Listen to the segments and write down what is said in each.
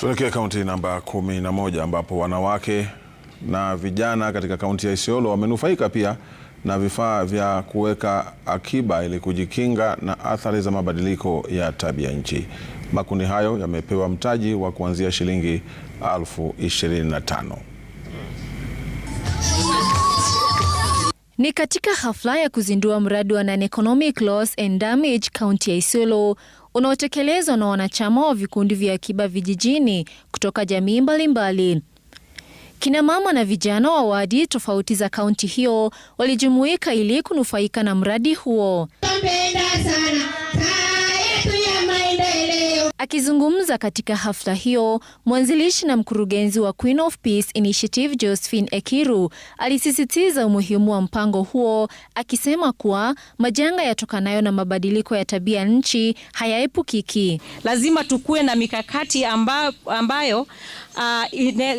Tuelekee kaunti namba 11 ambapo wanawake na vijana katika kaunti ya Isiolo wamenufaika pia na vifaa vya kuweka akiba ili kujikinga na athari za mabadiliko ya tabia nchi. Makundi hayo yamepewa mtaji wa kuanzia shilingi elfu Ni katika hafla ya kuzindua mradi wa Non Economic Loss and Damage kaunti ya Isiolo unaotekelezwa na wanachama wa vikundi vya akiba vijijini kutoka jamii mbalimbali. Kina mama na vijana wa wadi tofauti za kaunti hiyo walijumuika ili kunufaika na mradi huo. sana. Akizungumza katika hafla hiyo, mwanzilishi na mkurugenzi wa Queen of Peace Initiative Josephine Ekiru alisisitiza umuhimu wa mpango huo akisema kuwa majanga yatokanayo na mabadiliko ya tabia nchi hayaepukiki. Lazima tukuwe na mikakati amba, ambayo uh, ah,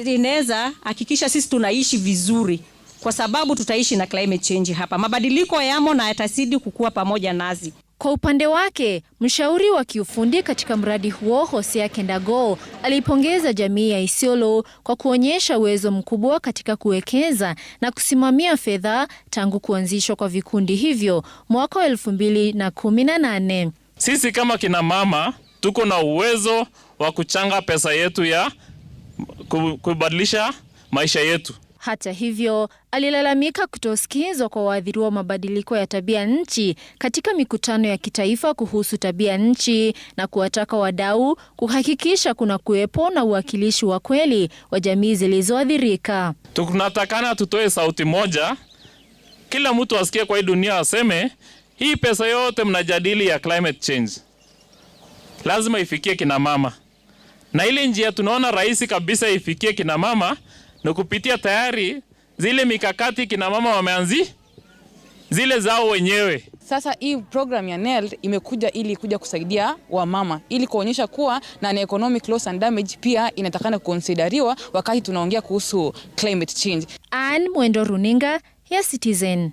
inaweza hakikisha sisi tunaishi vizuri kwa sababu tutaishi na climate change hapa. Mabadiliko yamo na yatazidi kukua pamoja nazi. Kwa upande wake, mshauri wa kiufundi katika mradi huo Hosea Kendago alipongeza jamii ya Isiolo kwa kuonyesha uwezo mkubwa katika kuwekeza na kusimamia fedha tangu kuanzishwa kwa vikundi hivyo mwaka wa elfu mbili na kumi na nane. Sisi kama kina mama tuko na uwezo wa kuchanga pesa yetu ya kubadilisha maisha yetu. Hata hivyo, alilalamika kutosikizwa kwa waathiriwa wa mabadiliko ya tabia nchi katika mikutano ya kitaifa kuhusu tabia nchi na kuwataka wadau kuhakikisha kuna kuwepo na uwakilishi wa kweli wa jamii zilizoathirika. Tunatakana tutoe sauti moja, kila mtu asikie kwa hii dunia aseme hii pesa yote mnajadili ya climate change lazima ifikie kinamama, na ile njia tunaona rahisi kabisa ifikie kinamama na kupitia tayari zile mikakati kina mama wameanzi zile zao wenyewe. Sasa hii program ya NELD imekuja ili kuja kusaidia wamama ili kuonyesha kuwa na economic loss and damage pia inatakana kukonsidariwa wakati tunaongea kuhusu climate change. Ann Mwendo, runinga ya Citizen.